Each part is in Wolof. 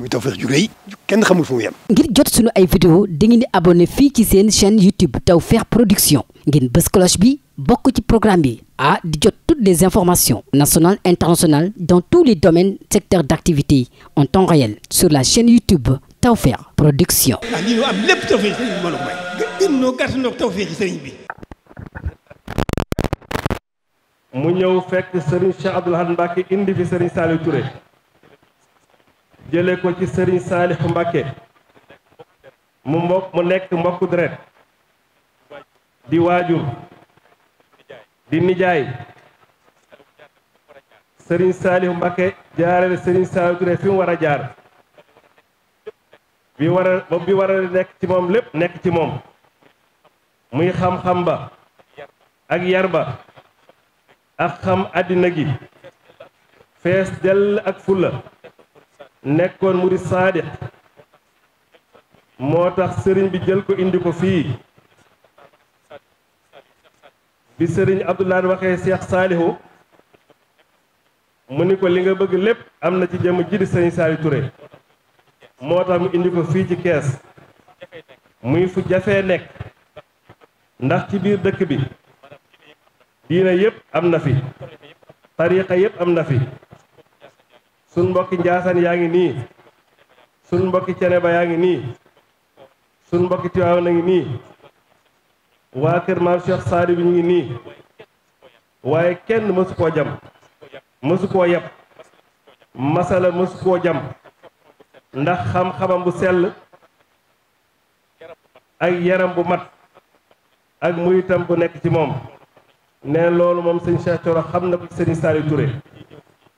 muy Tawfekh ju rëy mu jot ay vidéo dangeen di abonné fii ci seen chaîne YouTube Tawfekh Production ngeen bës cloche bokk ci programme bi di jot les informations nationales internationales dans tous les domaines secteurs d'activité en temps réel sur la chaîne YouTube Tawfekh Production. ah lii ñu am ñëw fekk Serigne Cheikh Abdoul Ahad Mbacké indi fi Serigne Saliou Touré. jële ko ci Serigne Saliou Mbacké mu mbokk mu nekk mbokku deret di waajur di nijaay Serigne Saliou Mbacké jaarale Serigne Saliou Touré fi war a jaar bi war nekk ci moom lépp nekk ci moom muy xam-xam ba ak yar ba ak xam àddina gi fees dell ak fulla nekkoon murid saadix moo tax sëriñ bi jël ko indi ko fii bi sëriñ Abdoulaye waxee Cheikh Saalihu mu ni ko li nga bëgg lépp am na ci jëm ji di sëriñ Saali Touré moo tax mu indi ko fii ci kees muy fu jafee nekk ndax ci biir dëkk bi diina yépp am na fi tariixa yépp am na fi sun mbokki njaasaan yaa ngi nii sun mbokki cene ba yaa ngi nii sun mbokki tiwaaw na ngi nii waa kër maam Cheikh Saadi bi ñu ngi nii waaye kenn mësu koo jam mësu koo yab masala mësu koo jam ndax xam-xamam bu sell ak yaram bu mat ak muyitam bu nekk ci moom nee loolu moom sëñ Cheikh Thioro xam na ko ci sëriñ Saliou Touré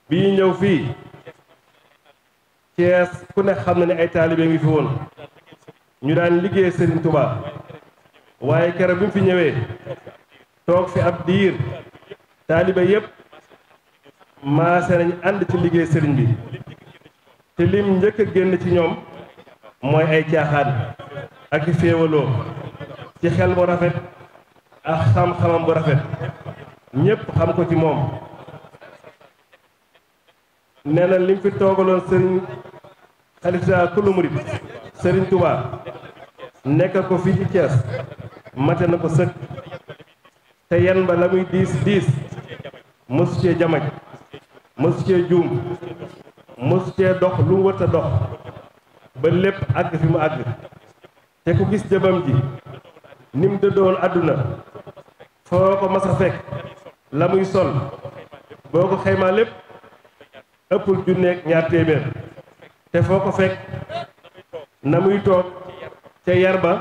bi fii Cees ku ne xam na ne ay taalibe ngi fi woon ñu daan liggéey sëriñ Touba waaye keroog bi mu fi ñëwee toog fi ab diir taalibe yépp maase nañ ànd ci liggéey sëriñ bi te lim njëkk génn ci ñoom mooy ay caaxaan ak i féewaloo ci xel bu rafet ak xam-xamam bu rafet ñépp xam ko ci moom nee lim fi toogaloon Serigne. xalifa général kullu murid nekk ko fii ci Thiès mate na ko sëkk te yan ba la muy diis diis mësu cee jamaj mësu cee juum mësu cee dox lu wërta dox ba lépp àgg fi mu àgg te ku gis jëmam ji ni mu àdduna foo ko mas fekk la muy sol boo ko xaymaa lépp ëppul junneeg ñaar téeméer te foo ko fekk na muy toog ca yar ba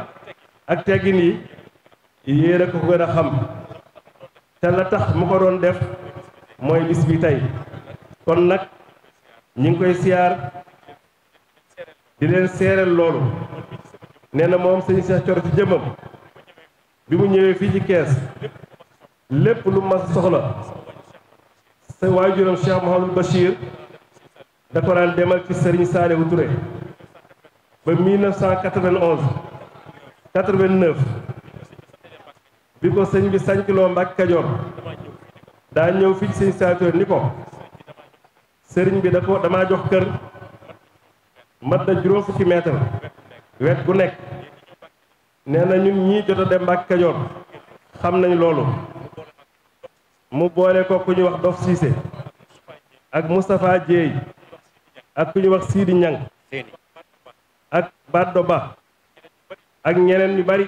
ak teggin yi yéen a ko gën a xam te la tax mu ko doon def mooy bis bi tey kon nag ñu ngi koy siyaar di leen seereel loolu nee na moom sëñ Cheikh Thioro ci jëmmam bi mu ñëwee fii ci kees lépp lu mas soxla sa waajuram Cheikh Mouhamadou Bachir dakoral demal ci Serigne Saliou Touré ba 1991 89 bi ko sëñ bi sañculoo Mbàkke Kajoor daa ñëw fi sëñ Saliou Touré ni ko sëriñ bi da ko damaa jox kër mat na juróom fukki mètre wet gu nekk nee na ñun ñii jot a dem xam nañ loolu mu boole ko ku ñuy wax Dof Cissé ak Moustapha Dieye ak ku ñu wax Sidi Ñang ak Baddo Ba ak ñeneen ñu bari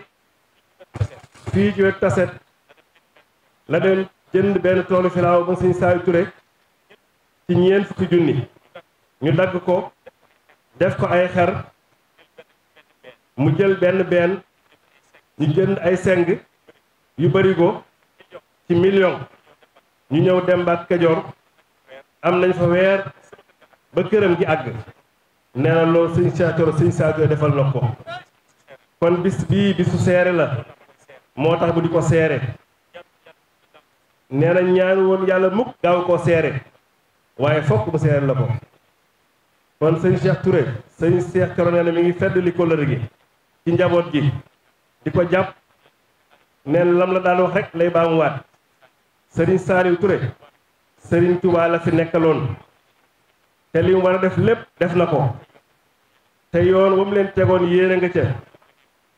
fii ci taset la dem jënd benn toolu filaaw ba suñ saayu ture ci ñeent fukki junni ñu dagg ko def ko ay xer mu jël benn benn ñu jënd ay seng yu bari ci million ñu ñëw dem ba Kajoor am nañ fa weer ba këram gi àgg nee na loolu sëñ Sadio sëñ Sadio defal na ko kon bis bii bisu seere la moo tax bu di ko seere nee na ñaanu woon yàlla mukk gaaw koo seere waaye fokk mu seere la ko kon sëñ Cheikh ture sëñ Cheikh Thioro nee na mi ngi fedd li kóllëre gi ci njaboot gi di ko jàpp neen lam la daan wax rek lay baamuwaat sëriñ Saliou Touré sëriñ Touba la fi nekkaloon te lii mu war a def lépp def na ko te yoon wa mu leen tegoon yéene nga ca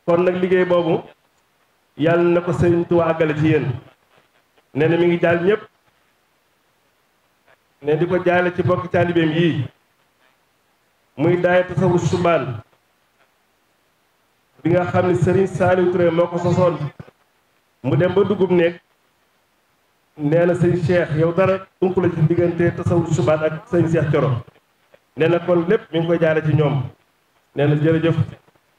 kon nag liggéey boobu yàlla na ko sëriñ Tuubaa àggale ci yéen nee na mi ngi jaal ñépp ne di ko jaale ci bokki taalibeem yii muy daay tasawur subaan bi nga xam ne sëriñ Saliou Touré moo ko sosoon mu dem ba dugub néeg nee na sëñ Cheikh dara unk la ci diggante tasawur subaat ak sëñ Cheikh Coro nee kon lépp mi ngi koy jaare ci ñoom nee na jërëjëf.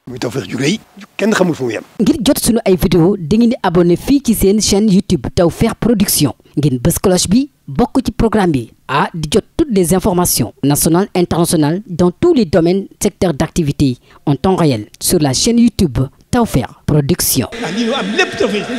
muy Tawfekh ju rëy kenn xamul fu mu yem. ngir jot suñu ay vidéo dangeen di abonné fii ci seen chaîne YouTube Tawfekh Production ngeen bës cloche bi bokk ci programme bi ah di jot toutes des informations national internationales dans tous les domaines secteurs d'activité en temps réel sur la chaîne YouTube Tawfekh Production. ah lii loo am